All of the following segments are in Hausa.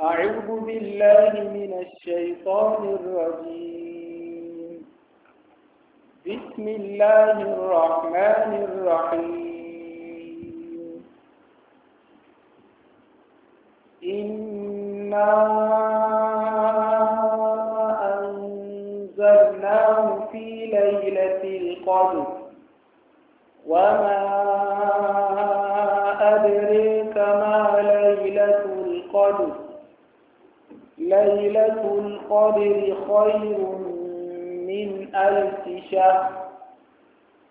أعوذ بالله من الشيطان الرجيم بسم الله الرحمن الرحيم إنا أنزلناه في ليلة القدر وما ليلة القدر خير من ألف شهر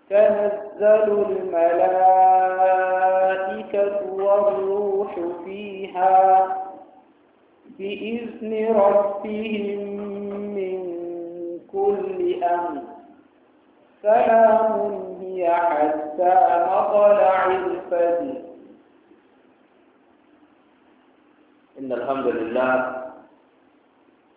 تنزل الملائكة والروح فيها بإذن ربهم من كل أمر سلام هي حتى مطلع الفجر إن الحمد لله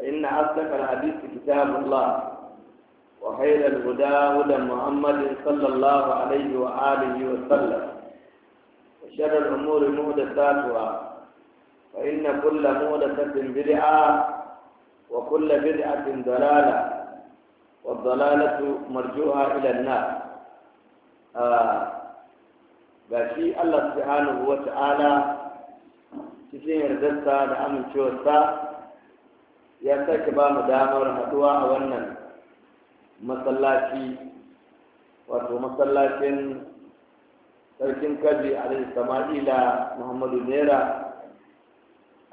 فإن أصدق الحديث كتاب الله وخير الهدى هدى محمد صلى الله عليه وآله وسلم وشر الأمور محدثاتها فإن كل محدثة بدعة وكل بدعة ضلالة والضلالة مرجوها إلى النار آه. بشي الله سبحانه وتعالى cikin yardarsa da amincewarsa ya sake ba mu damar haɗuwa a wannan masallaci wato masallacin sarkin kaji alaihi sama'ila muhammadu naira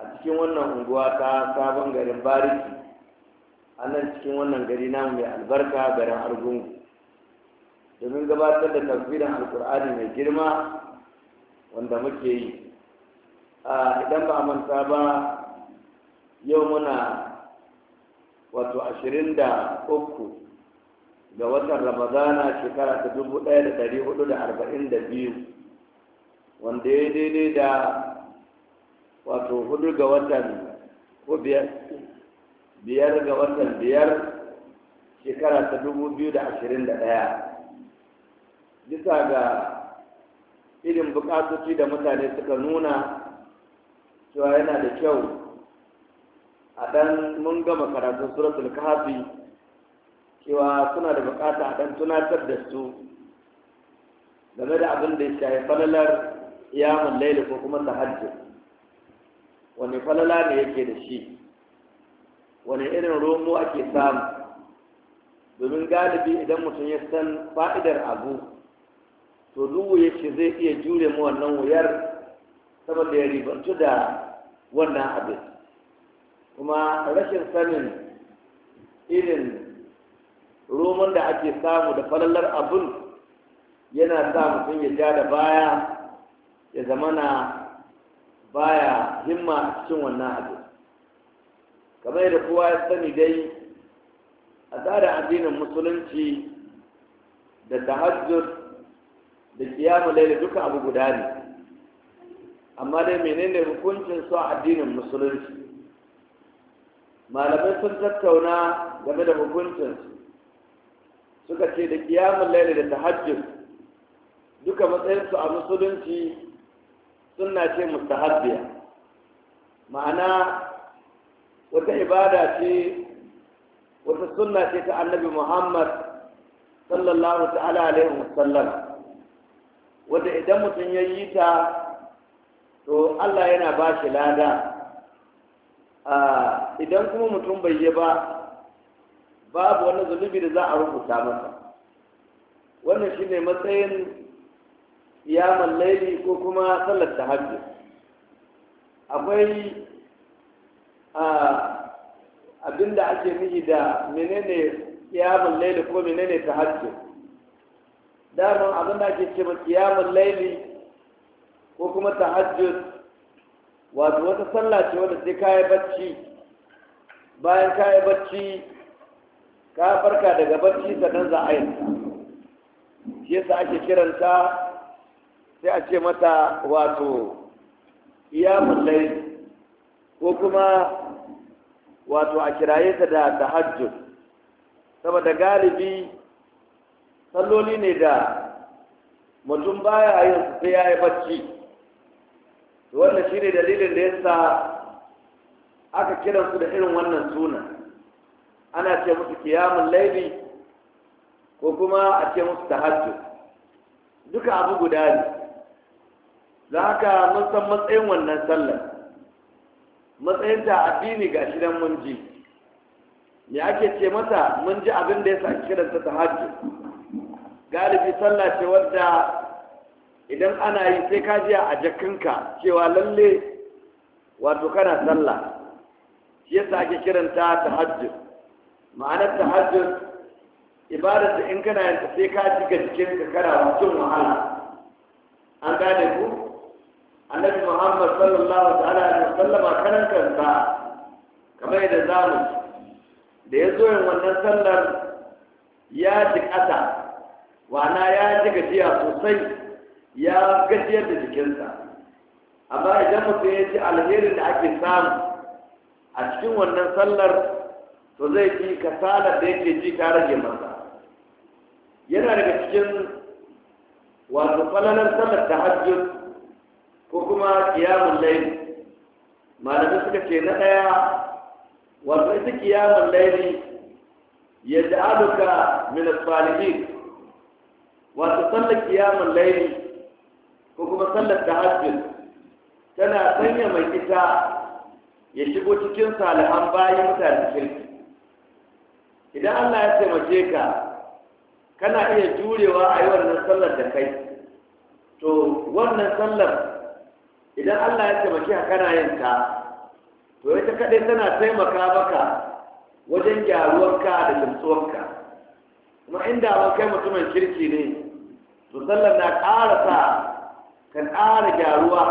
a cikin wannan unguwa ta sabon garin bariki a nan cikin wannan gari namu mai albarka garin argungu domin gabatar da tafsirin alkur'ani mai girma wanda muke yi idan ba a manta ba yau muna wato ashirin da uku ga watan ramadana shekara ta dubu ɗaya da ɗari hudu da arba'in da biyu wanda ya yi daidai da wato huɗu ga watan ko biyar biyar ga watan biyar shekara ta dubu biyu da ashirin da ɗaya bisa ga irin bukatoci da mutane suka nuna cewa yana da kyau a dan mun gama karatun suratul kahfi cewa suna da bukata a dan tunatar da su game da abin da ya shafi falalar iyamun laila ko kuma tahajjud wani falala ne yake da shi wani irin romo ake samu domin galibi idan mutum ya san fa'idar abu to duhu ce zai iya jure mu wannan wuyar saboda ya ribantu da wannan abin kuma rashin sanin irin roman da ake samu da falalar abun yana sa mutum ya ja da baya ya zamana baya himma a cikin wannan abu kamar yadda kowa ya sani dai a tsarin addinin musulunci da tahajjud da kiyamu laila duka abu guda ne amma dai menene hukuncin su a addinin musulunci malamai sun tattauna game da hukuncin suka ce da kiyamun laili da tahajjud duka matsayinsu a musulunci suna ce mustahabbiya ma'ana wata ibada ce wata suna ce ta annabi muhammad sallallahu ta'ala alaihi wasallam wanda idan mutum ya yi ta to allah yana ba shi lada idan kuma mutum bai yi ba babu wani zunubi da za a rubuta masa wannan shine matsayin yaman laili ko kuma sallar tahajjud akwai abinda ake nufi da menene yaman laili ko menene tahajjud daman abinda ake ce ba yaman laili ko kuma tahajjud wato wata sallah ce wadda sai kayi bacci bayan kayi bacci ka farka daga bacci sannan za a yi shi yasa ake kiranta sai a ce mata wato iya ko kuma wato a kiraye ta da tahajjud saboda galibi salloli ne da mutum baya yin sai ya yi bacci to wannan ne dalilin da yasa aka kiransu da irin wannan suna ana ce musu kiyamun laifi ko kuma a ce musu tahajjud duka abu guda ne za haka mun san matsayin wannan sallar matsayin ta addini ga shi nan mun ji me ake ce mata mun ji abin da ya sa kiransa ta tahajjud galibi sallah ce wadda idan ana yi sai ka jiya a jakinka cewa lalle wato kana sallah shi yasa ake kiranta tahajjud ma'anar tahajjud ibadar da in kana yin sai ka ji ga jikinka kana mutum wahala an gane ku annabi muhammad sallallahu ta'ala alaihi wasallama kanan kansa kamar yadda zamu da ya zo yin wannan sallar ya ji Wa na ya ji gajiya sosai ya gajiyar da jikinsa amma idan mutum ya ci alherin da ake samu a cikin wannan sallar to zai ji kasalar da yake ji ta rage masa yana daga cikin wato falalar sallar ta hajjus ko kuma kiyamun laili malamai suka ce na ɗaya wato ita kiyamun laili yadda aluka min asfalihin wato sallar kiyamun laili ko kuma sallar ta tahajjud tana sanya mai ita ya shigo cikin salihan bayan mutane kirki idan Allah ya taimake ka kana iya jurewa a yi wannan sallar da kai to wannan sallar idan Allah ya taimake ka kana yin ta to ita kaɗai tana taimaka maka wajen gyaruwarka da ka. kuma inda ba kai mutumin kirki ne to sallar na ƙara ka ƙara gyaruwa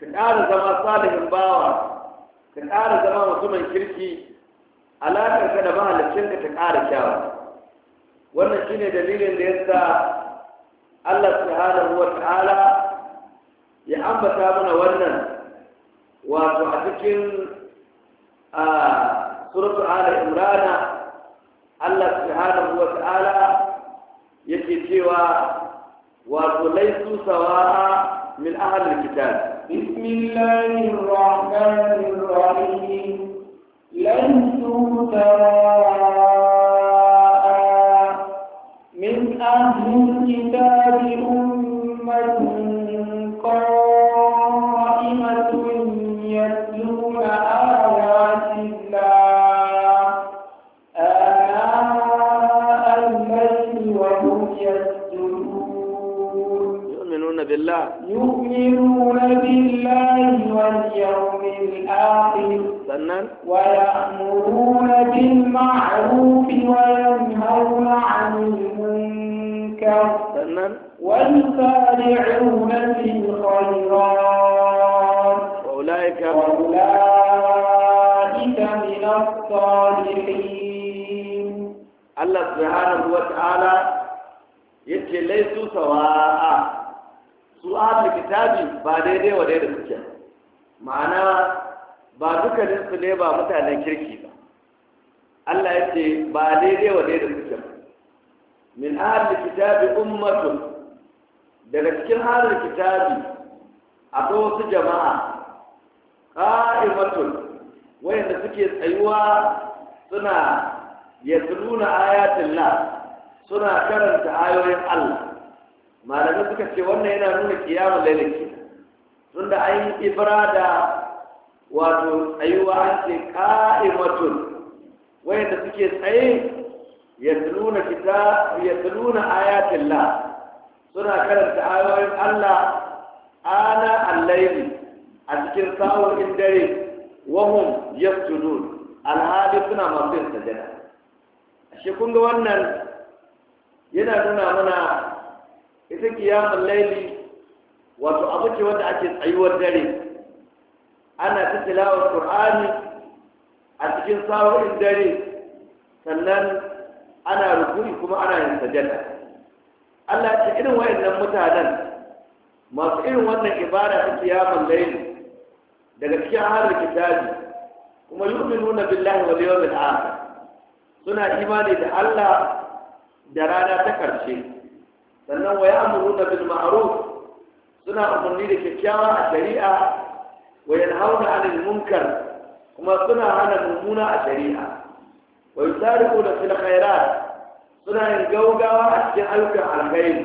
ka ƙara zama salihin bawa ka ƙara zama mutumin kirki alaƙar ka da mahaliccin ka ta ƙara kyawa. wannan shine dalilin da yasa Allah subhanahu wa ta'ala ya ambata mana wannan wato a cikin a suratu ala imrana Allah subhanahu wa ta'ala yake cewa وليسوا سواء من أهل الكتاب بسم الله الرحمن الرحيم ليسوا سواء من أهل الكتاب أمة بالله يؤمنون بالله واليوم الآخر سنن ويأمرون بالمعروف وينهون عن المنكر سنن في الخيرات وأولئك وأولئك من الصالحين الله سبحانه وتعالى يتليسوا سواء su ahlul kitabi ba daidai wa daidai suke ma'ana ba dukkanin su ne ba mutanen kirki ba Allah ya ce ba daidai wa daidai suke min ahlul kitabi ummatun daga cikin ahlul kitabi akwai wasu jama'a qa'imatun wayanda suke tsayuwa suna yatluna la suna karanta ayoyin Allah malamai suka ce wannan yana nuna kiyama lalaki tun da an yi ibra da wato tsayuwa an ce ka'imatun wayanda suke tsaye ya nuna kita ya suna karanta ayoyin Allah ana allaili a cikin sa'o'in dare wahum yasjudun alhali suna masu yin sajada ashe kun wannan yana nuna mana ita kiyamun laili wato abu ce wanda ake tsayuwar dare ana ta tilawar qur'ani a cikin sa'o'in dare sannan ana rukuni kuma ana yin sajada Allah ya ce irin wayannan mutanen masu irin wannan ibada ta kiyamun laili daga cikin harin kitabi kuma yu'minuna billahi wal yawmil akhir suna imani da Allah da rana ta karshe sannan wa ya'muruna bil ma'ruf suna umarni da kyakkyawa a shari'a wa yanhauna 'anil munkar kuma suna hana mummuna a shari'a wa yusariquna fil khairat suna yin gaugawa a cikin ayyukan alkhairi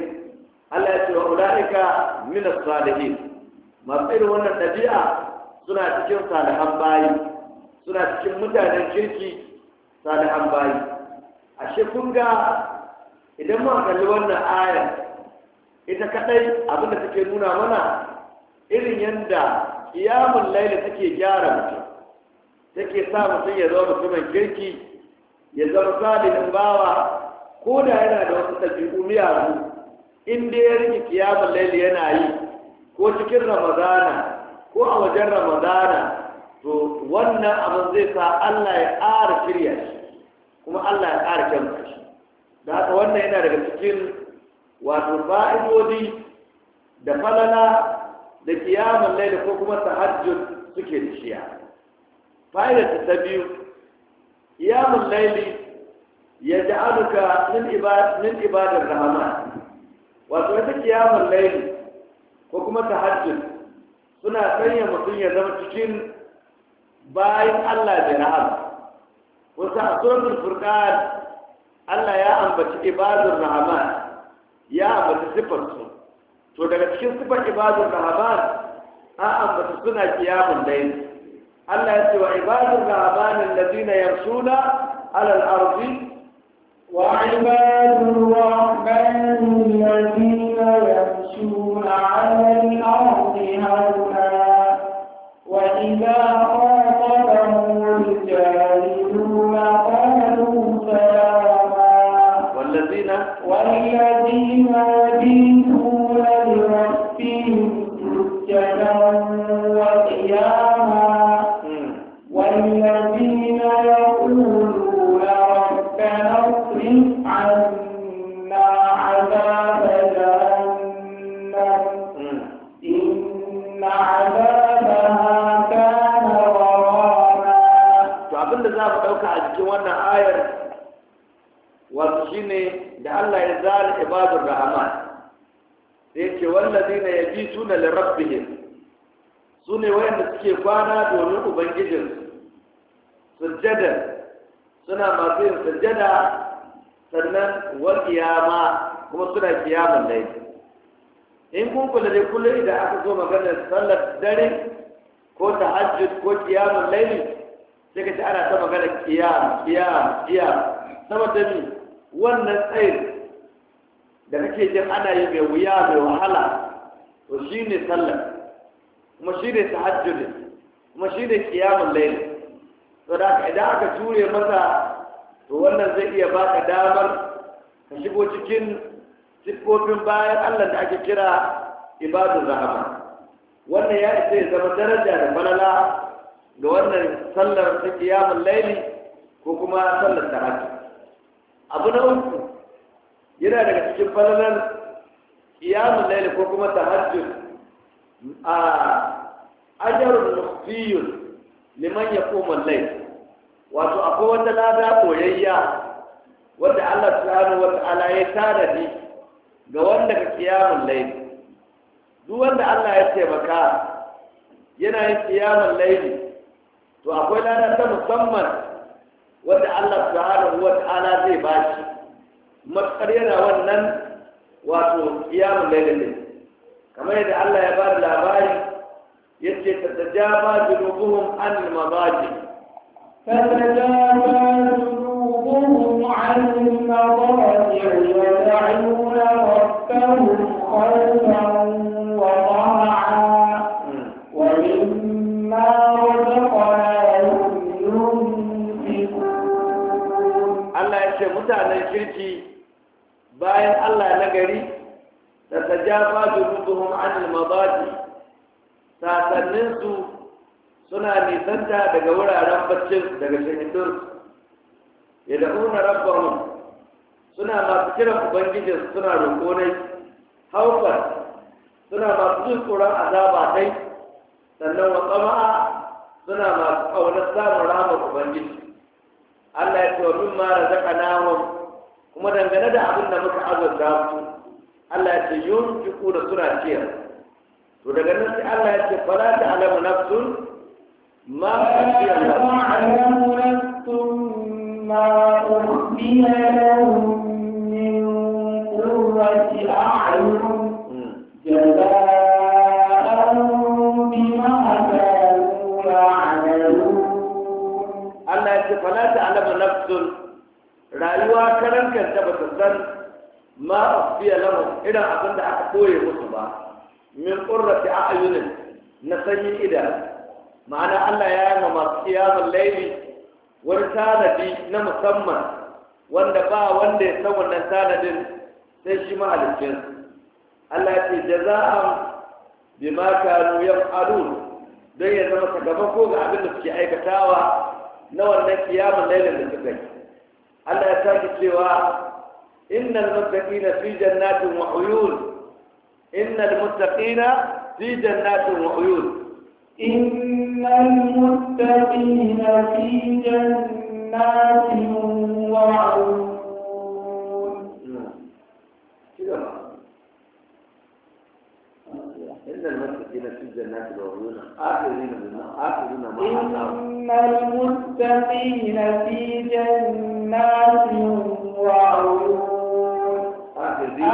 Allah ya ce wa ulaika min as-salihin masu irin wannan ɗabi'a suna cikin salihan bayi suna cikin mutanen kirki salihan bayi ashe kun ga idan muna kalli wannan ayar ita kadai da take nuna mana irin yadda kiyamun laila take gyara mutum take sa mutum ya zama mutumin kirki ya zama salihin bawa ko da yana da wasu ɗabi'u miyagu in dai ya rike kiyamun laila yana yi ko cikin ramadana ko a wajen ramadana to wannan abin zai sa Allah ya ƙara shirya shi kuma Allah ya ƙara kyanka da haka wannan yana daga cikin wato fa'idodi da falala da kiyamun laili ko kuma tahajjud suke da shiya fa'idar ta biyu kiyamun laili ya ja'aluka min ibadar rahman wato wata kiyamun laili ko kuma tahajjud suna sanya mutum ya zama cikin bayan Allah da rahama wasu a tsohon Allah ya ambaci ibadun rahman ya ambaci sifarsu to daga cikin sifar ibadun rahman an ambaci suna kiyamun dai Allah ya ce wa ibadun rahman allazina yamshuna ala al-ardi wa ibadur rahman allazina yamshuna ala al-ardi hawna wa idha qatabahum al-jahiluna qalu salama الذين والذين يبيتون لربهم سجدا وقياما والذين يقولون ربنا اصرف عنا عذاب جهنم إن عذابها كان غراما. فأقول لك أنا أقول لك أنا أقول لك da Allah ya zala ibadur rahman sai yace wallazina yabituna li rabbihim sune wayanda suke kwana domin ubangijin sujjada suna masu yin sujjada sannan wal kiyama kuma suna kiyaman laifi in kun kula da kullum idan aka zo maganar sallar dare ko tahajjud ko kiyama laili sai ka ci ana ta magana kiyam kiyam kiyam saboda ni wannan tsayin da kake jin ana yi mai wuya mai wahala to shi ne sallar kuma shi ne tahajjudi kuma shi ne kiyamun laili to da idan aka ture masa to wannan zai iya baka damar ka shigo cikin siffofin bayan Allah da ake kira ibadun rahama wannan ya isa ya zama daraja da falala ga wannan sallar ta kiyamun laili ko kuma sallar tahajjudi abu na uku yana daga cikin falalar kiyamun laili ko kuma tahajjud a ajarun mukhfiyun liman ya koma layl wato akwai wata lada koyayya wanda Allah subhanahu wata'ala ya tanadi ga wanda ka kiyamun laili duk wanda Allah ya taimaka yana yin kiyamun laili to akwai lada ta musamman wanda Allah subhanahu wa ta'ala zai ba shi matsar wannan wato kiyamun lailin kamar yadda Allah ya ba da labari yace tatajaba junubuhum an mabaji fatajaba junubuhum an al-mabaji wa yad'una rabbahum khawfan al-madaji sasannin su suna nisanta daga wuraren baccin daga shahidun yad'una rabbahum suna masu kira ubangijin suna roƙo ne haukar suna masu jin tsoron azaba dai sannan wa tsama'a suna masu ƙaunar samun ramar ubangiji Allah ya ce wa min zaka razaqnahum kuma dangane da abin da muka azurta su Allah ya ce yunfiqu da suna ciyar to daga nan sai Allah ya ce fala ta alamu nafsun ma ukhfiya nafsun ma min qurrati a'yun hmm. Allah ya ce fala ta alamu nafsun rayuwa karan kanta ba san ma ukhfiya lahum irin abinda aka koye musu ba min qurrati a'yunin na sanyin idan ma'ana Allah ya yana masu kiyamun laili wani tanadi na musamman wanda ba wanda ya san wannan tanadin sai shi mahalicin Allah ya ce jaza'an bima kanu yaf'alun don ya zama ko ga abin da suke aikatawa na wannan kiyamun lailin da suka yi Allah ya sake cewa innal muttaqina fi jannatin wa uyun إن المتقين في جنات وعيون إن المتقين في جنات وعيون إن المتقين في جنات وعيون آخرين مما آخرين ما إن المتقين في جنات وعيون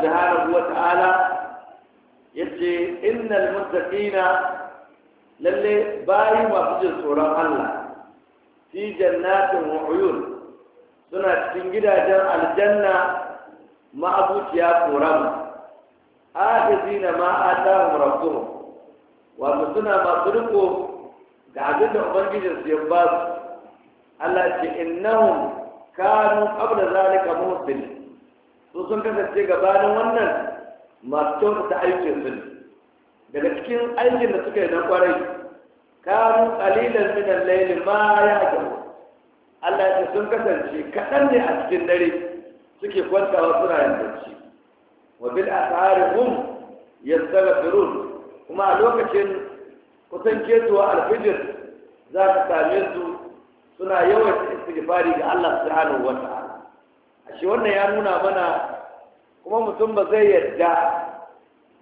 subhanahu wa ta'ala yace innal muttaqina lalle bayi masu jin tsoron Allah fi jannatin wa suna cikin gidajen aljanna ma'abuciya koram ajizina ma atahum rabbuhum wato suna masu riko ga abin da ubangijin su ya ba su Allah ce innahum kanu qabla zalika muhsinin su sun kasance gabanin wannan masu ta aikin su daga cikin aikin da suka yi na kwarai kanu kalilan minan laili ma ya gaba Allah ya sun kasance kaɗan ne a cikin dare suke kwantawa suna yin bacci wa bil asari hum yastaghfirun kuma a lokacin kusan ketuwa alfijir za ka same su suna yawan istighfari ga Allah subhanahu wa ta'ala Ashe wannan ya nuna mana kuma mutum ba zai yarda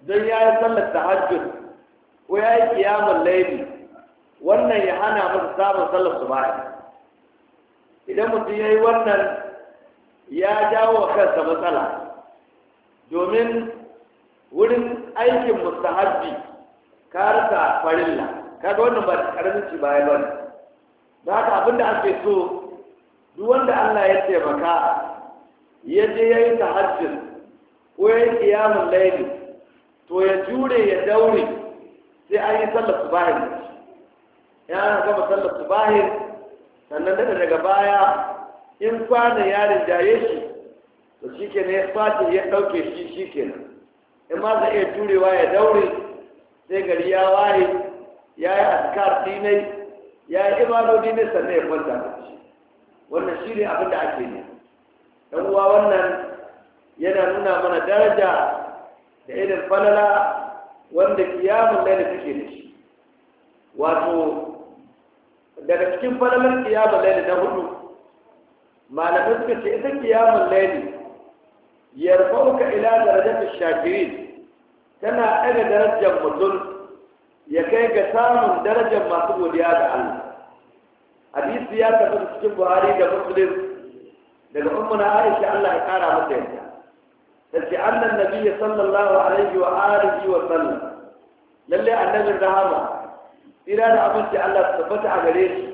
don ya yi sallar tahajjud ko ya yi kiyamun laifi wannan ya hana masa samun sallar su ba idan mutum ya yi wannan ya jawo kansa matsala domin wurin aikin mustahabbi ka rasa farilla kaga wannan ba karamin ci Ba ba da haka abinda ake so duk wanda Allah ya taimaka ya je ya yi tahajjin ko ya yi kiyamun laili to ya jure ya daure sai an yi sallar subahin ya na gama sallar subahin sannan daga daga baya in kwana yarin jaye shi to shi na ya fata ya ɗauke shi shi ke na, in ma zai iya jurewa ya daure sai gari ya waye ya yi askar dinai ya yi ibadodi ne sannan ya kwanta da shi wannan shi ne abin da ake nema dan uwa wannan yana nuna mana daraja da irin falala wanda kiyamun laila take da shi wato daga cikin falalar kiyamun laila na hudu malamai suka ce ita kiyamun laili yarfauka ila darajar shakirin tana ɗaga darajar mutum ya kai ga samun darajar masu godiya ga Allah hadisi ya tafi cikin Buhari da Muslim daga ummuna aisha Allah ya kara mata yadda tace annan nabi sallallahu alaihi wa alihi wa sallam lalle annabi rahama ira da abinci Allah ta tabbata a gare shi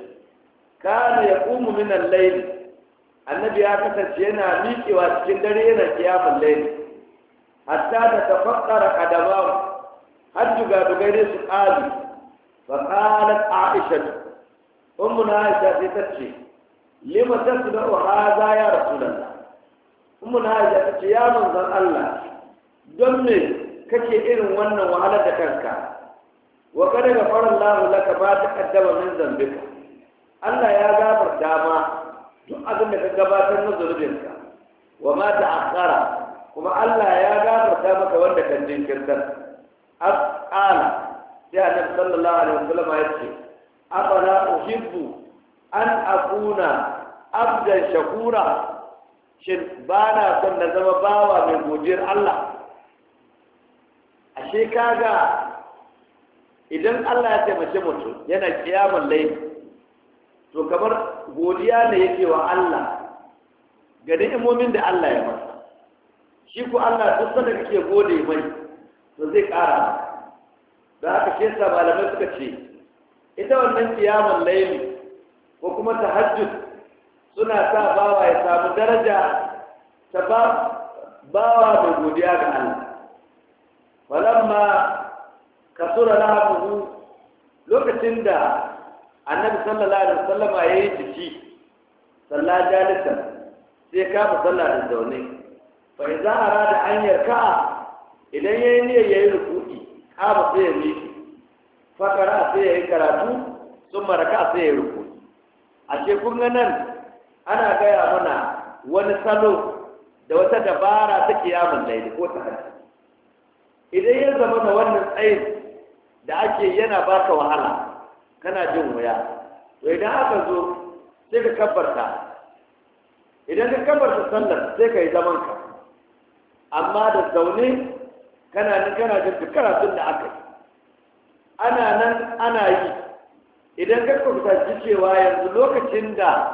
kana yaqumu min al-layl annabi ya kasance yana miƙewa cikin dare yana kiyamul layl hatta ta tafakkara qadamahu har juga dugare su qali fa qalat aisha ummuna aisha sai tace lima tasma'u hadha ya rasulullah ummu hajja ta ce ya manzon Allah don me kake irin wannan wahalar da kanka wa kada gafara Allah laka ba ta kaddama min zambika Allah ya gafar dama duk abin da ka gabatar na zunubinka wa ma ta ta'akhkhara kuma Allah ya gafar ta maka wanda kan jinkirtar as'ala sai annabi sallallahu alaihi wasallam ya ce afala uhibbu an akuna abdan shakura shin ba na son na zama bawa mai godiyar Allah ashe kaga idan Allah ya taimake mutum yana kiyamun laifi to kamar godiya ne yake wa Allah ga ni'imomin da Allah ya masa shi ko Allah duk sanda kake gode mai to zai ƙara da haka shi sa malamai suka ce ita wannan kiyamun laili ko kuma tahajjud suna sa bawa ya samu daraja ta ba bawa da godiya ga Allah walamma kasura lahabuhu lokacin da annabi sallallahu alaihi wasallama yayi jiki sallah jalisa sai ka fa sallah da zaune fa idza arada an yarka idan yayi niyyar yayi rukuki ka ba sai ya miki fakara sai yi karatu sun maraka sai ya ruku'i ashe kun ga nan ana gaya mana wani salo da wata dabara ta kiyamun laili ko ta hajji idan ya zama da wannan tsayin da ake yana ba ka wahala kana jin wuya to idan aka zo sai ka kabarta idan ka kabarta sallar sai ka yi zaman ka amma da zaune kana nan kana jin duk karatun da aka yi ana nan ana yi idan ka kwamfaci cewa yanzu lokacin da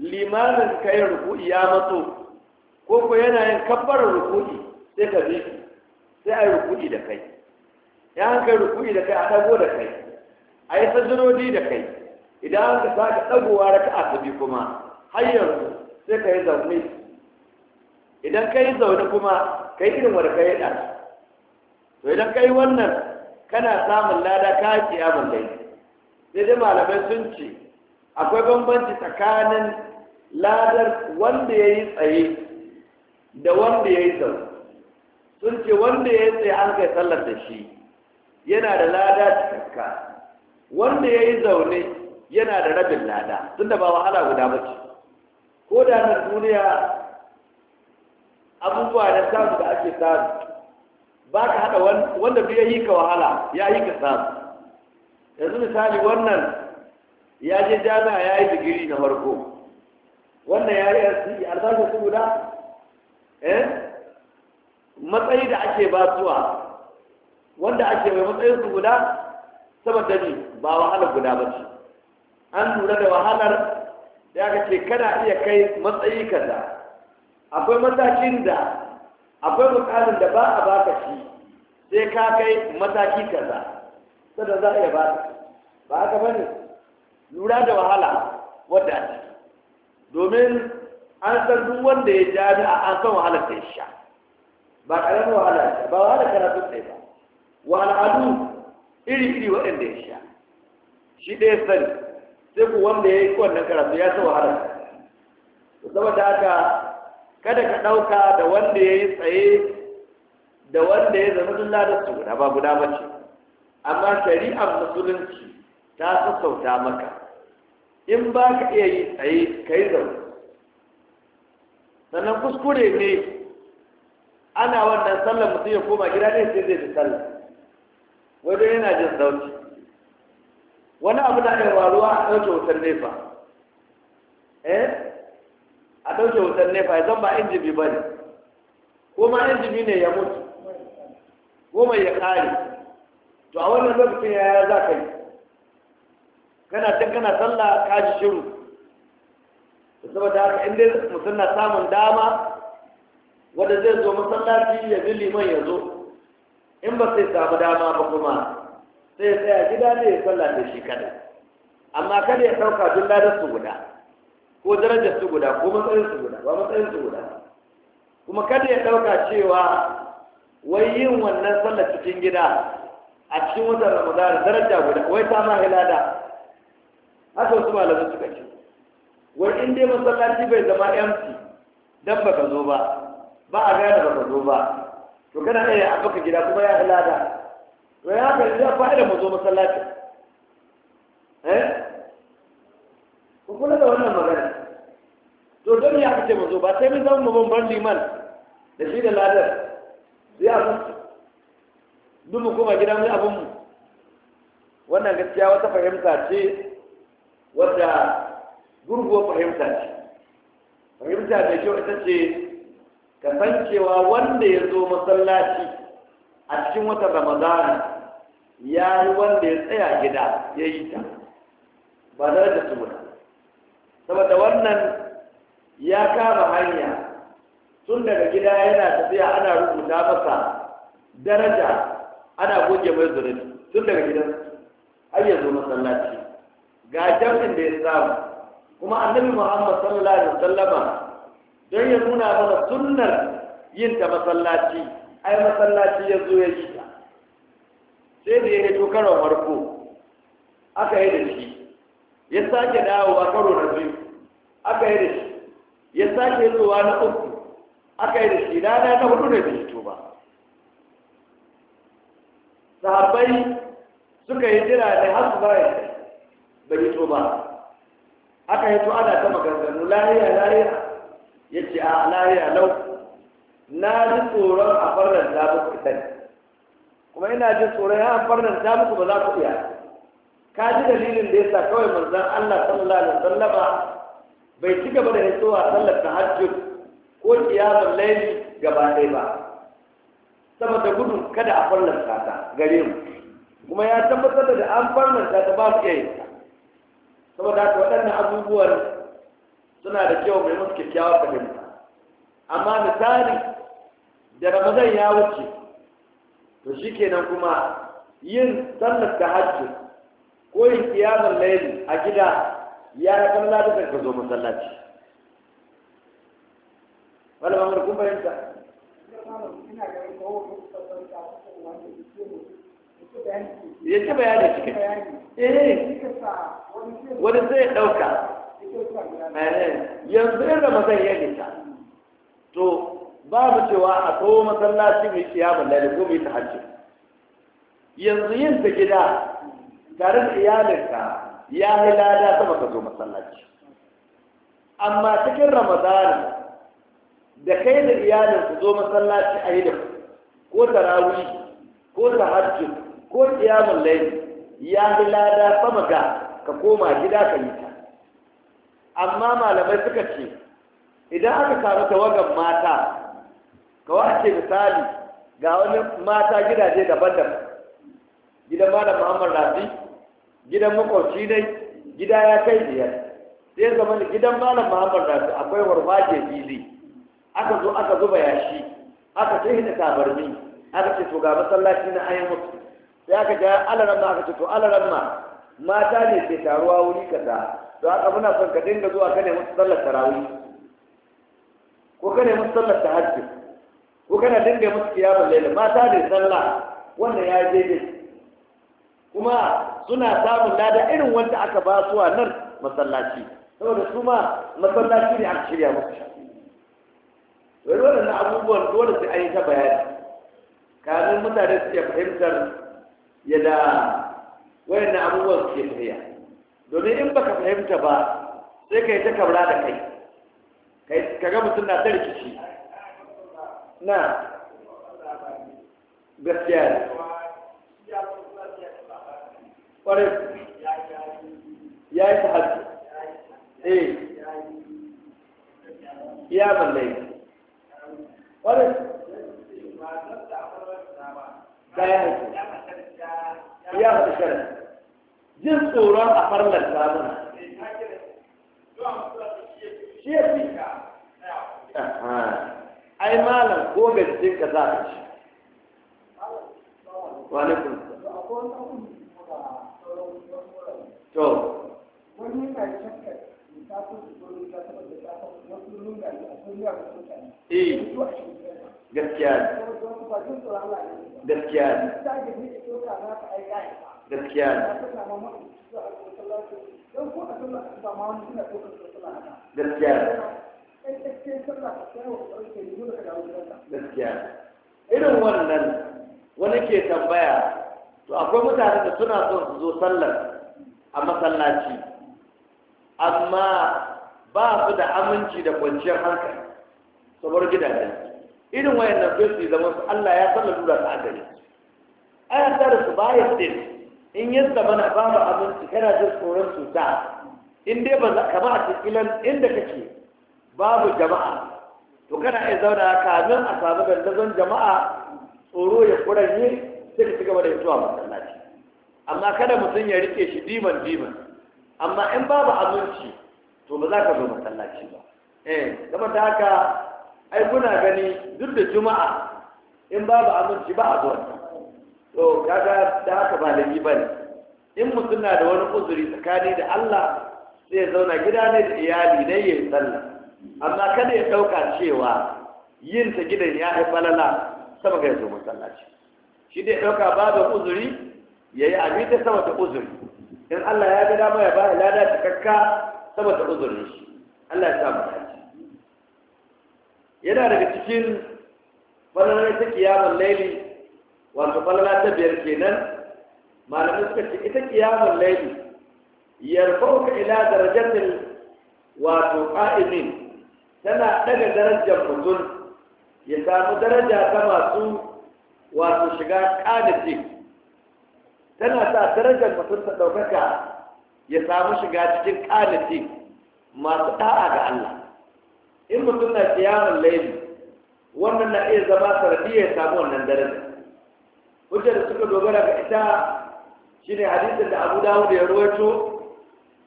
limanin kayan yin ya mato ko ko yana yin kabbarar ruku'i sai ka bi sai a yi ruku'i da kai ya an kai ruku'i da kai a ɗago da kai a yi sajirodi da kai idan an ka sake ɗagowa raka a tabi kuma har yanzu sai ka yi zaune idan ka yi zaune kuma ka yi irin wanda ka yi to idan ka yi wannan kana samun lada ka yi dai sai dai malamai sun ce akwai bambanci tsakanin ladar wanda ya yi tsaye da wanda ya yi zaune sun ce wanda ya yi tsaye an kai sallar da shi yana da lada cikakka wanda ya yi zaune yana da rabin lada tun da ba wahala guda ba ce ko da na duniya abubuwa da samu da ake samu ba ka haɗa wanda bai yi ka wahala ya yi ka samu yanzu misali wannan ya je jami'a ya yi digiri na farko wannan ya yi albashin su guda eh matsayi da ake basuwa wanda ake mai matsayin su guda saboda ne ba wahalar guda ba ce an lura da wahalar da aka ce kana iya kai matsayi kaza akwai matakin da akwai mukamin da ba a baka shi sai ka kai mataki kaza sannan za a iya baka ba haka bane lura da wahala wadda ake domin an san duk wanda ya jami'a an san wahala da ya sha ba ƙaramin wahala ba wahala kana karatu ɗaya ba wahalhalu iri-iri waɗanda ya sha shi ɗaya sani sai ku wanda ya yi wannan karatu ya san zama saboda haka kada ka ɗauka da wanda ya yi tsaye da wanda ya zama dun ladar su guda ba guda ba ce amma shari'ar musulunci ta sauta maka in ba ka iya yi tsaye ka yi zaune sannan kuskure ne ana wannan sallar mutum ya koma gida ne sai zai ji sallar wajen yana jin sauti wani abu na iya waruwa a ɗauke wutar nefa eh a ɗauke wutar nefa zan ba injibi ba ne ko ma injimi ne ya mutu ko mai ya ƙare to a wannan lokacin ya za ka yi kana can kana sallah ka ji shiru saboda haka in dai mutum na samun dama wanda zai zo masallaci ya ji liman ya zo in ba sai samu dama ba kuma sai ya tsaya gida ne ya sallah da shi kada amma kada ya ɗauka duk da su guda ko darajar su guda ko matsayin su guda ba matsayin su guda kuma kada ya ɗauka cewa wai yin wannan sallar cikin gida a cikin wata ramadana daraja guda wai ta ma hilada haka wasu malamai suka ce wa in dai masallaci bai zama empty dan baka zo ba ba a gane baka zo ba to kana ne a baka gida kuma ya halada to ya ka ya fa'ida mu zo masallaci eh ku kula da wannan magana to don ya kace mu zo ba sai mun zama mu bamban liman da shi da ladar sai a mutu duk mu koma gida mu abun mu wannan gaskiya wata fahimta ce wadda gurguwar fahimta ce fahimta mai kyau ita ce kasancewa wanda ya zo masallaci a cikin watan ramadana ya yi wanda ya tsaya gida ya yi ta ba da da su saboda wannan ya kama hanya tun daga gida yana tafiya ana rubuta masa daraja ana goge mai zunubi tun daga gidan ayyazo masallaci ga jam'in da ya samu kuma annabi muhammad sallallahu alaihi wasallama don ya nuna mana sunnar yin ta masallaci ai masallaci ya zo ya yi ta sai da ya hito karon farko aka yi da shi ya sake a karo na biyu aka yi da shi ya sake zuwa na uku aka yi da shi rana na hudu da biyu ba sahabbai suka yi jira da har su bayan bai yi ba aka yi ana ta maganganu lahiya lahiya ya ce a lahiya lau na ji tsoron a farnan ta muku ita kuma ina jin tsoron ya farnan ta muku ba za ku iya ka ji dalilin da ya sa kawai manzan Allah sallallahu alaihi wasallama bai ci gaba da hitsowa sallar tahajjud ko kiyamun laili gaba ɗaya ba saboda gudun kada a farnan ta gare mu kuma ya tabbatar da an farnan ta ba su iya saboda haka waɗannan abubuwan suna da kyau mai musu kyakkyawar fahimta amma misali da ramadan ya wuce to shi kenan kuma yin sallar ta hajji ko yin kiyamar laili a gida ya na rakan lafiyar ka zo masallaci wani mamar kun ta ya ci bayani cikin eh wani zai ɗauka eh. yanzu in ramadan ya nita to babu cewa a kawo masallaci mai kiyamun lalle ko mai tahajjud yanzu yin ta gida tare da iyalinka ya yi lada sama ka zo masallaci amma cikin ramadan da kai da iyalin ku zo masallaci a yi da ko tarawih ko tahajjud ko kiyamun laifi ya fi lada sama ga ka koma gida ka yi ta amma malamai suka ce idan aka samu tawagan mata ka wace misali ga wani mata gidaje daban-daban gidan malam muhammad rafi gidan makwabci ne gida ya kai biyar sai zama da gidan malam muhammad rafi akwai warfaje fili aka zo aka zuba yashi aka ce hita tabarmi aka ce to ga masallaci na ayyukan sai aka ja alaran ma aka ce to alaran ma mata ne ke taruwa wuri kaza to aka muna son ka dinga zuwa ka nemi sallar tarawih ko ka nemi sallar tahajji ko kana dinga musu kiyamul layl mata ne sallah wanda ya je ne kuma suna samun lada irin wanda aka ba su a nan masallaci saboda su ma masallaci ne aka shirya musu Wani waɗannan abubuwan dole sai an yi ta bayani kamin mutane suke fahimtar Yana wayannan abubuwan ke tafiya domin in baka fahimta ba sai ka yi ta kabra da kai ka ga mutum na ta rikici na gaskiya ne ƙwarai ya yi ta hajji eh ya mallai ƙwarai Ya yi hajji ya faɗi sharri jin tsoron a farlar zamuna shi ya fi ai malam ko gajin ka za ka ci wani kun to wani eh. a gaskiya gaskiya gaskiya gaskiya gaskiya irin wannan wani ke tambaya to akwai mutane da suna son su zo sallar a masallaci amma ba su da aminci da kwanciyar hankali saboda gidajen irin wayannan sai su zama su Allah ya san lura ta gare ai Allah da ba ya din in yadda mana babu abinci kana jin tsoron su cuta in dai ba kama a cikin inda kake babu jama'a to kana iya zauna kamin a samu dandazon jama'a tsoro ya kuranye sai ka ci gaba da zuwa masallaci amma kada mutum ya rike shi diman diman amma in babu abinci to ba za ka zo masallaci ba eh game da haka ai kuna gani duk da juma'a in babu aminci ba a zuwa to kaga da haka ba laifi ba ne in mutum na da wani uzuri tsakani da Allah zai zauna gida ne da iyali ne yin sallah amma kada ya ɗauka cewa yin ta gidan ya yi falala sama ga yanzu masallaci shi dai ɗauka babu uzuri ya yi abin ta sama da uzuri in Allah ya ga dama ya ba ya lada kakka sama da uzurin shi Allah ya samu yana daga cikin falala ta kiyamar laili wato falala ta biyar kenan malamai suka ce ita kiyamar laili ka ila darajatin wato qa'imin tana daga darajar mutum ya samu daraja ta masu wato shiga ƙanace tana sa darajar mutum ta ɗaukaka ya samu shiga cikin ƙanace masu ɗa'a ga Allah in mutum na siyamun laifin wannan na iya zama sarfiya ya samu wannan daraja hujjar da suka dogara ga ita shine hadisin da abu dawud ya rawaito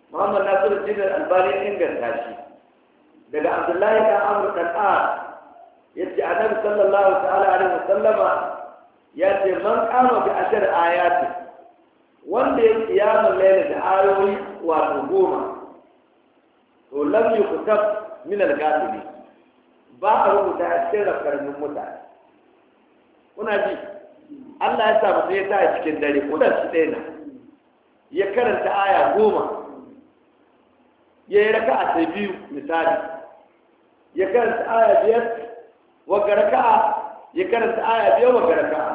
muhammad nasiru dinar albani inganta shi daga abdullahi dan amr dan a yace annabi sallallahu ta'ala alaihi sallama, ya ce man kama bi ashar ayati wanda ya kiyamun laifin da ayoyi wato goma to lam yukutab min al-ghafili ba a rubuta a da rafarnin mutane kuna ji Allah ya sa mutum ya ta cikin dare kudan su ɗaya ya karanta aya goma ya yi raka a sai biyu misali ya karanta aya biyar wa raka'a ya karanta aya biyar wa raka'a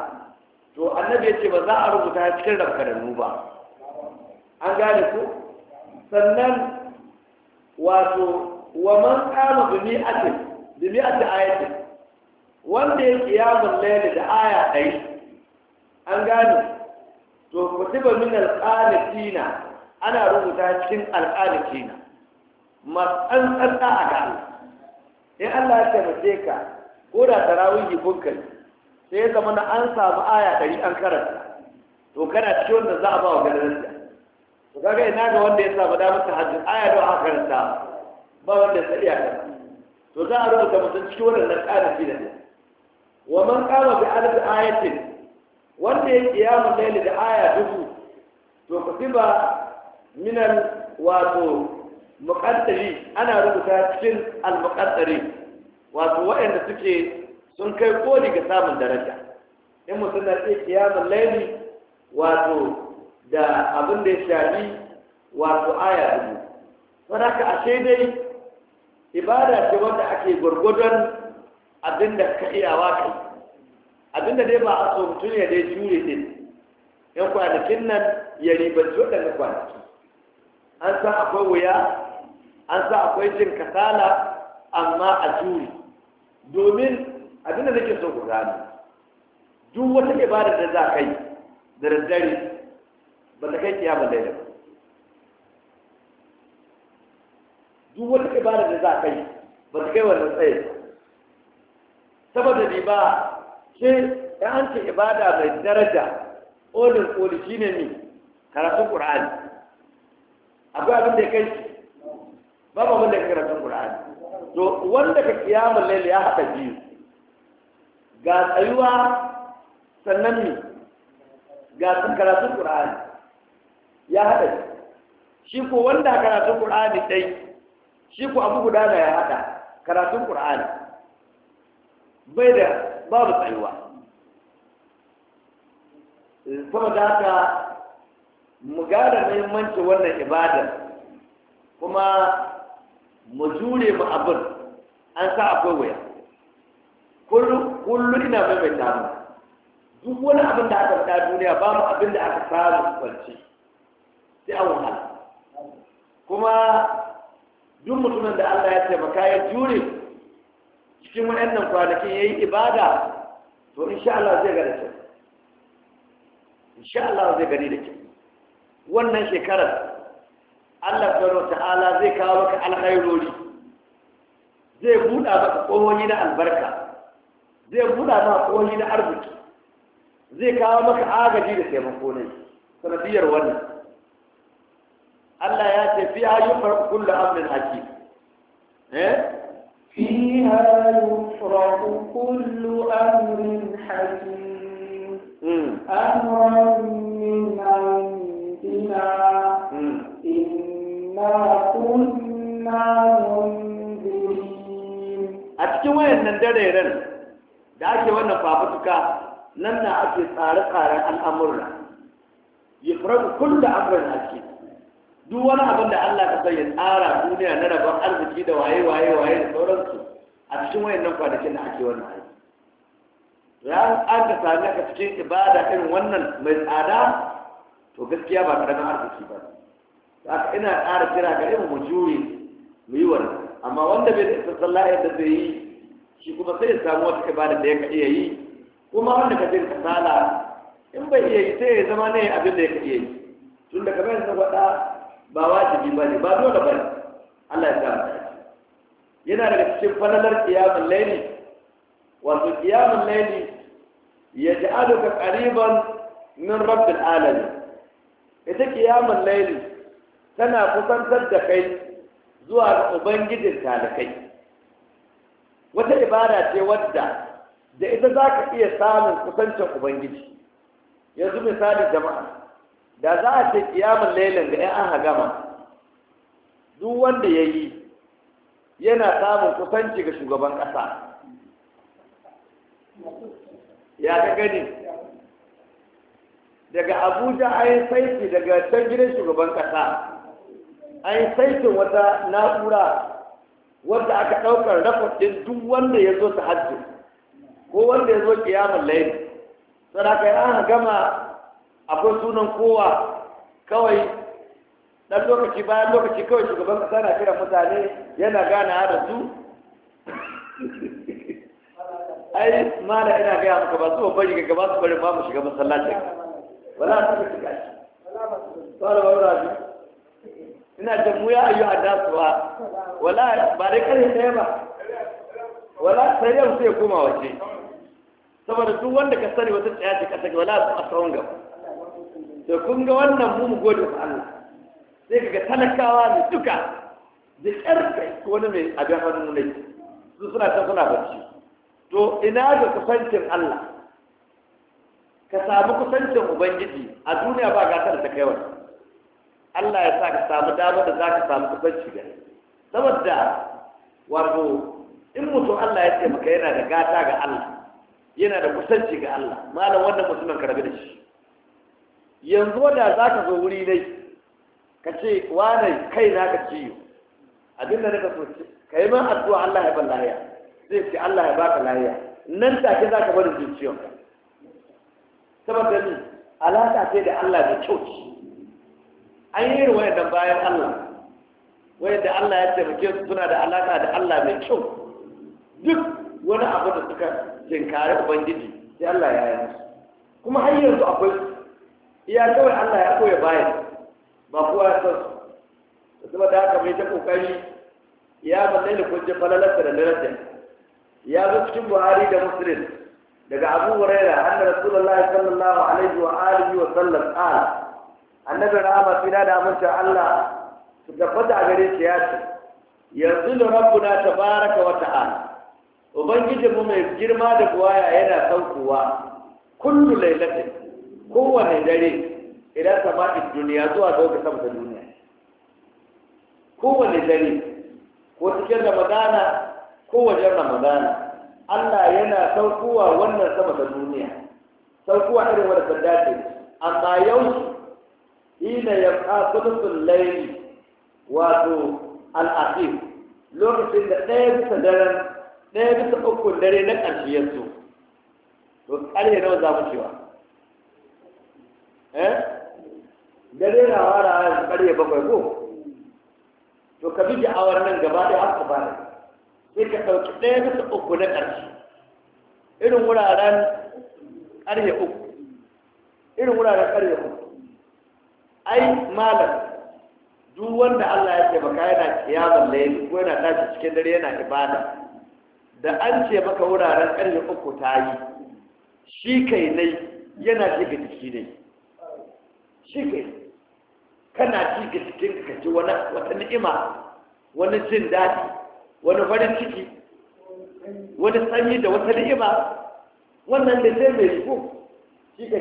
to annabi ya ce ba za a rubuta cikin rankarannu ba an gane ku sannan wato wa man qama bi mi'ati bi mi'ati ayati wanda ya qiyamul layli da aya ɗai an gane to kutiba min al-qanitina ana rubuta cikin al-qanitina matsan tsantsa a ga Allah in Allah ya taimake ka ko da tarawihi bunkai sai ya zama na an samu aya ɗari an karanta to kana cikin wanda za a ba wa ganin to kaga ina ga wanda ya samu damar tahajjud aya da aka karanta ba wanda ya iya ta to za a rubuta mutum cikin waɗannan ƙara fi da wa man kama bi alif ayatin wanda ya kiyamu laili da aya dubu to kutiba minan wato muqaddari ana rubuta cikin al-muqaddari wato waɗanda suke sun kai koli ga samun daraja in mutum na iya kiyamun laili wato da abin da ya shafi wato aya dubu don haka ashe dai ibada ce wanda ake gwargwadon abin da ka iyawa kai abin da dai ba a so mutum ya dai jure din yan kwanakin nan ya ribanci waɗanda kwanaki an san akwai wuya an san akwai jin kasala amma a jure domin abin da nake so ku gano duk wata ibada da za kai da daddare ba ta kai kiyama daidai duk wani ibada da za ka yi ba su kai wannan tsaye saboda ne ba ke ya an ce ibada mai daraja olin koli shi ne ne karatun ƙur'ani akwai abin da ya kai shi babu abin da ya karatun ƙur'ani to wanda ka kiyamun laila ya haka biyu ga tsayuwa sannan ne ga karatun ƙur'ani ya haɗa shi ko wanda karatun ƙur'ani ɗai shi ku abu guda da ya hada karatun ƙur'ani bai da babu tsayuwa da haka mu gada muhimmanci wannan ibadar kuma mu jure mu abin an sa akwai wuya kullum ina maimaita mu duk wani abin da aka faɗa duniya ba mu abin da aka samu kwanci sai an wahala kuma duk mutumin da Allah ya taimaka ya jure cikin waɗannan kwanakin ya yi ibada to insha Allah zai ga da kyau insha Allah zai gani da wannan shekarar Allah subhanahu ta'ala zai kawo maka alkhairori zai buɗa maka ƙohohi na albarka zai buɗa maka ƙohohi na arziki zai kawo maka agaji da taimako ne sanadiyar wannan Allah ya ce fi ayyukan yi amrin hakim eh fiha yufraqu kullu amrin hakim hmm. amran min indina hmm. inna kunna mundirin a cikin dare ran da ake wannan fafutuka nan na ake tsare-tsaren al'amurra yufraqu da amrin hakim duk wani abin da Allah ka ya tsara duniya na rabon arziki da waye waye waye da sauransu a cikin wayan nan kwanakin da ake wannan aiki ran an ka sami ka cikin ibada irin wannan mai tsada to gaskiya ba karamin arziki ba ka ina tsara kira ga mu jure mu yi wannan amma wanda bai da sallah yadda zai yi shi kuma sai ya samu wata ibada da ya iya yi kuma wanda ka zai kasala in bai iya yi sai ya zama ne abin da ya iya yi tun da kamar yadda faɗa ba wajibi ba ne ba dole ba ne Allah ya sa yana daga cikin falalar qiyamul layli wato qiyamul layli yaj'aluka qariban min rabbil alamin ita qiyamul laili tana kusantar da kai zuwa ga ubangijin talakai wata ibada ce wadda da ita zaka iya samun kusancin ubangiji yanzu misali jama'a da za a ce kiyamun lailan da 'yan aka gama duk wanda ya yi yana samun kusanci ga shugaban ƙasa ya ka gani daga abuja a yi saiti daga can gidan shugaban ƙasa A yi saitin wata na'ura wadda aka ɗaukar rafafin duk wanda ya zo ta hajji ko wanda ya zo kiyamun laili sadaka an gama akwai sunan kowa kawai ɗan lokaci bayan lokaci kawai shugaban ƙasa na kira mutane yana gana da su ai mala ina gaya muka ba su bari ga gaba su bari ba mu shiga masallacin wala su ka shiga shi wala ba wala su ina da mu ya ayyu adasuwa wala ba dai kare ɗaya ba wala sai yau sai koma waje saboda duk wanda ka sani wata tsaya ce ka sake wala a tsawon gaba da kun ga wannan mu mu gode wa Allah sai kaga talakawa ne duka da ƙarfe wani mai abin hannu ne su suna ta suna barci. to ina ga kusancin Allah ka samu kusancin ubangiji a duniya ba gatar ta kai wani Allah ya sa ka samu dama da za ka samu kusanci da saboda wato in mutum Allah ya ce maka yana da gata ga Allah yana da kusanci ga Allah malam wannan mutumin ka da shi yanzu wadda za ka zo wuri dai ka ce wane kai na ka ciyo abin da ka so ce ka yi man addu'a Allah ya ban lahiya zai ce Allah ya baka lahiya nan take za ka bari ka saboda ni alaƙa ce da Allah da kyau ce an yi ruwa da bayan Allah da Allah ya taimake su suna da alaƙa da Allah mai kyau duk wani abu da suka jinkari ubangiji sai Allah ya yi musu kuma har yanzu akwai iya kawai Allah ya koya bayan ba kuwa ya san su da saboda haka mai ta kokari ya balle da kunje falalarsa da lalata ya zo cikin Buhari da musulun. daga Abu Hurairah da Rasulullah sallallahu alaihi wa alihi wa sallam al annabi rahama fina da amince Allah su tabbata a gare shi ya ce yanzu da rabbuna tabaraka wa ta'ala ubangijinmu mai girma da buwaya yana saukowa kullu lailatin kowane dare idan sama'in duniya zuwa dauka sama ta duniya kowane dare ko cikin ramadana ko wajen ramadana Allah yana saukowa wannan sama ta duniya saukowa irin wadda ta dace amma yau ina ya kasu nufin laili wato al'aqib lokacin da ɗaya bisa daren ɗaya bisa ukun dare na ƙarshe yanzu to ƙarfe nawa za mu cewa eh dare na wara ƙarye bakwai ko to ka bi da'awar nan gaba ɗaya har ka bada sai ka ɗauki ɗaya bisa uku na ƙarshe irin wuraren ƙarye uku irin wuraren ƙarye uku ai malam duk wanda Allah ya taimaka yana kiyamun laili ko yana tashi cikin dare yana ibada da an ce maka wuraren ƙarfe uku ta yi shi kai nai yana shiga jiki ne shi kana ji ga cikin ka ji wani wata ni'ima wani jin daɗi wani farin ciki wani sanyi da wata ni'ima wannan da zai mai shigo shi ka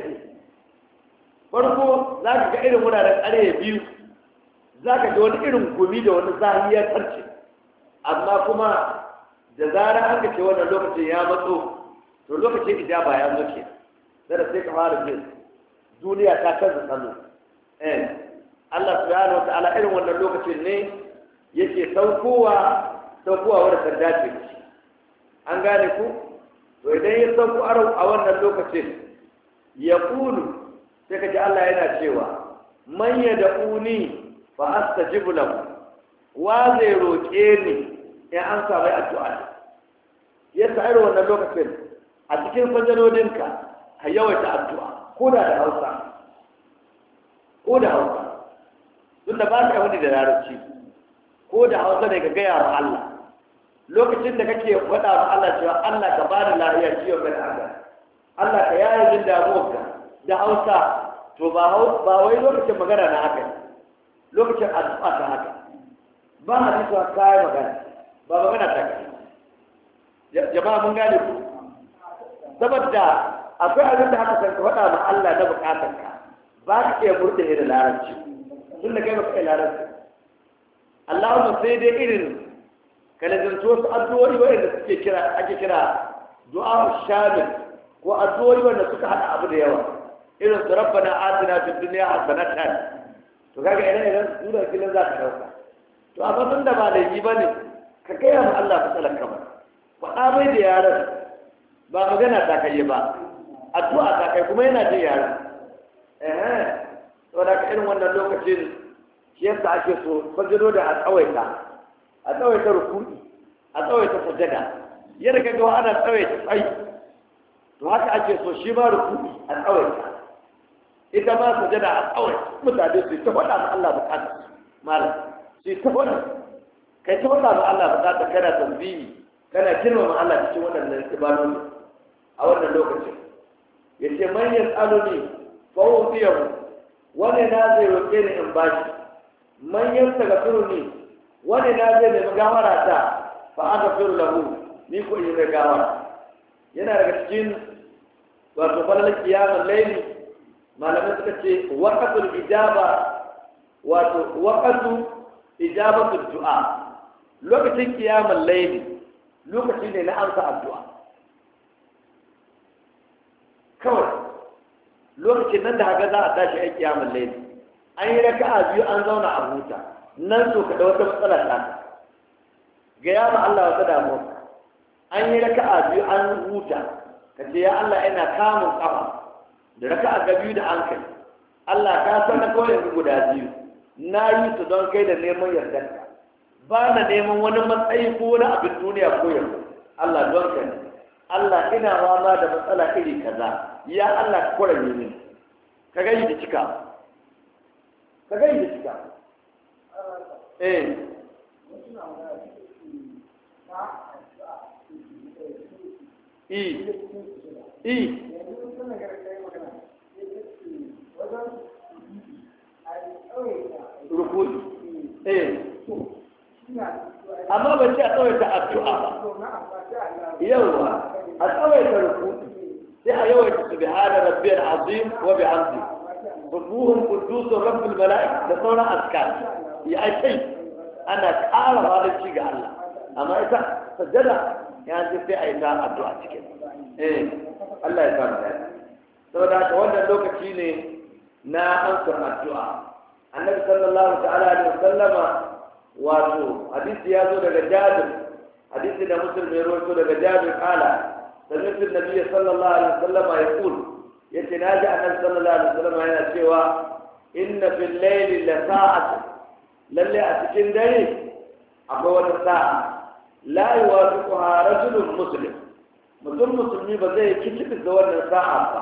farko za ka ga irin wuraren ƙarya biyu za ka ga wani irin gumi da wani zahiyar tarci amma kuma da zarar aka ce wannan lokacin ya matso to lokacin ijaba ya zo ke sai ka fara jin duniya ta canza salo eh Allah subhanahu wa ta'ala irin wannan lokacin ne yake saukowa saukowa wanda ta dace an gane ku to idan ya sauko a wannan lokacin ya kulu sai kaji Allah yana cewa man ya uni fa astajibu lahu wa zai roƙe ni in an samu mai addu'a ya sa irin wannan lokacin a cikin sajalodinka ka yawaita addu'a ko da hausa ko da hausa tun da ba su wani da larabci ko da hausa ne ka gaya wa Allah lokacin da kake faɗa wa Allah cewa Allah ka ba da lahiya ciwon bai haka Allah ka jin damuwa damuwarka da hausa to ba wai lokacin magana na haka lokacin addu'a ta haka ba a ji cewa kayan magana ba magana ta kai jama'a mun gane ku saboda akwai abin da haka san ka faɗa ma Allah na buƙatar ka ba ka iya ne da larabci tun da kai ba ka iya larabci Allahumma sai dai irin to su addu'o'i wanda suke kira ake kira du'a shamil ko addu'o'i wanda suka hada abu da yawa irin su rabbana atina fid dunya hasanatan to kaga idan idan sura kilan za ka dauka to amma tun da ba da yi bane ka kai ma Allah matsalar ka ba faɗa mai da yaran ba magana ta kai ba addu'a ta kai kuma yana jin yare eh to da irin wannan lokacin shi yasa ake so sajado da a tsawaita a tsawaita rukuni a tsawaita sajada yadda ka ga ana tsawaita tsayi to haka ake so shi ma rukuni a tsawaita ita ma sajada a tsawaita mutane su ta faɗa ma Allah bukata malam su ta faɗa kai ta faɗa ma Allah bukata kana tambayi kana girmama Allah cikin wannan ibadun a wannan lokacin ya ce manyan alumi fawon biyan wani na zai roƙe ni in ba shi manyan daga ni, wani na zai nemi gawara ta fa aka firu lahu ni ko in zai gawara yana daga cikin wato falalar kiyamun Laini, malamai suka ce waƙatul ijaba wato wakatu ijabatul du'a lokacin kiyamun Laini lokaci ne na amsa addu'a kawai lokacin nan da haka za a tashi aiki ya laifi an yi raka a biyu an zauna a huta nan so ka da wata matsala ta ga yaro Allah wata damu an yi raka a biyu an huta ka ce ya Allah ina kamun kafa da a ga biyu da an kai Allah ka san na kawai yanzu guda biyu na yi su don kai da neman yardarka ba na neman wani matsayi ko wani abin duniya ko yanzu Allah don kai. Allah ina rama da matsala iri kaza ya Allah ka kora mini ka gani da cika ka gani da cika eh i e. i e. rukuni eh amma ban ce a tsawaita addu'a ba yawa a tsawaita rukuɗi sai a yawaita subhana rabbiyal azim wa bihamdi ruhun qudus rabbul malaik da sauran aska. ya kai ana ƙara halarci ga Allah amma ita sajjada ya ce sai a yi ta addu'a cikin eh Allah ya samu yadda. saboda haka wannan lokaci ne na ansar addu'a annabi sallallahu ta'ala alaihi wasallama wato hadisi ya zo daga jabir hadisi da muslim ya zo daga jabir ala sami'tu nabiyyi sallallahu alaihi wasallam yaqul yace naji annabi sallallahu alaihi wasallam yana cewa inna fil layli la sa'at lalle a cikin dare akwai wata sa'a la yuwafiquha rajulun muslim mutum musulmi ba zai kicibi da wannan sa'a ba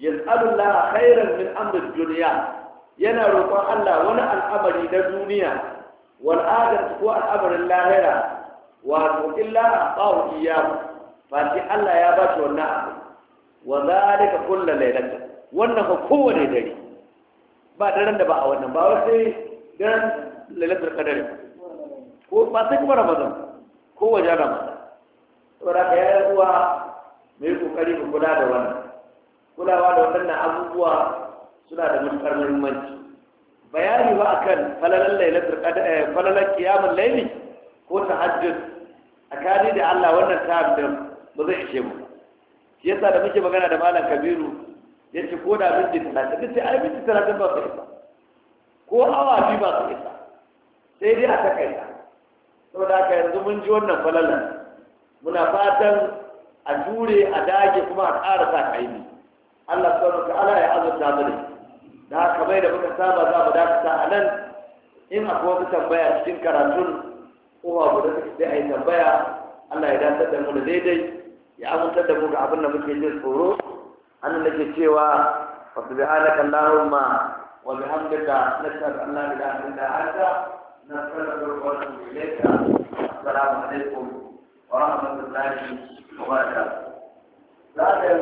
yas'alu Allah khairan min amri dunya yana roƙon Allah wani al'amari na duniya wal'adar ko al'abarin lahira wato illa a tsawo iyamu fati Allah ya ba shi wannan abu wa zalika kullu lailata wannan ko kowane dare ba daren da ba a wannan ba wai sai daren lailatul qadar ko ba sai kuma ramadan ko waje ramadan saboda ka ya zuwa mai kokari ku kula da wannan kulawa da wannan abubuwa suna da matukar muhimmanci bayani ba akan falalan lailatul qadr eh, falalan qiyamul layli ko tahajjud akadi da Allah wannan ta'am din ba zai ishe mu shi yasa da muke magana da malam Kabiru ya ce ko da minti ya ce ai minti talatin ba su isa ko awa bi ba sai sai dai a takaita saboda haka yanzu mun ji wannan falalan muna fatan a jure a dage kuma a ƙara sa kaimi Allah subhanahu wa ta'ala ya azurta mu da da haka bai da muka saba za mu dakata a nan in akwai wata tambaya cikin karatun kowa guda suka sai a yi tambaya allah ya dantar da mu da daidai ya amintar da mu ga abin da muke yin tsoro annan nake cewa wa subhanaka allahumma wa bihamdika nashhadu an la ilaha da anta nastaghfiruka wa natubu ilayka assalamu alaikum wa rahmatullahi wa barakatuh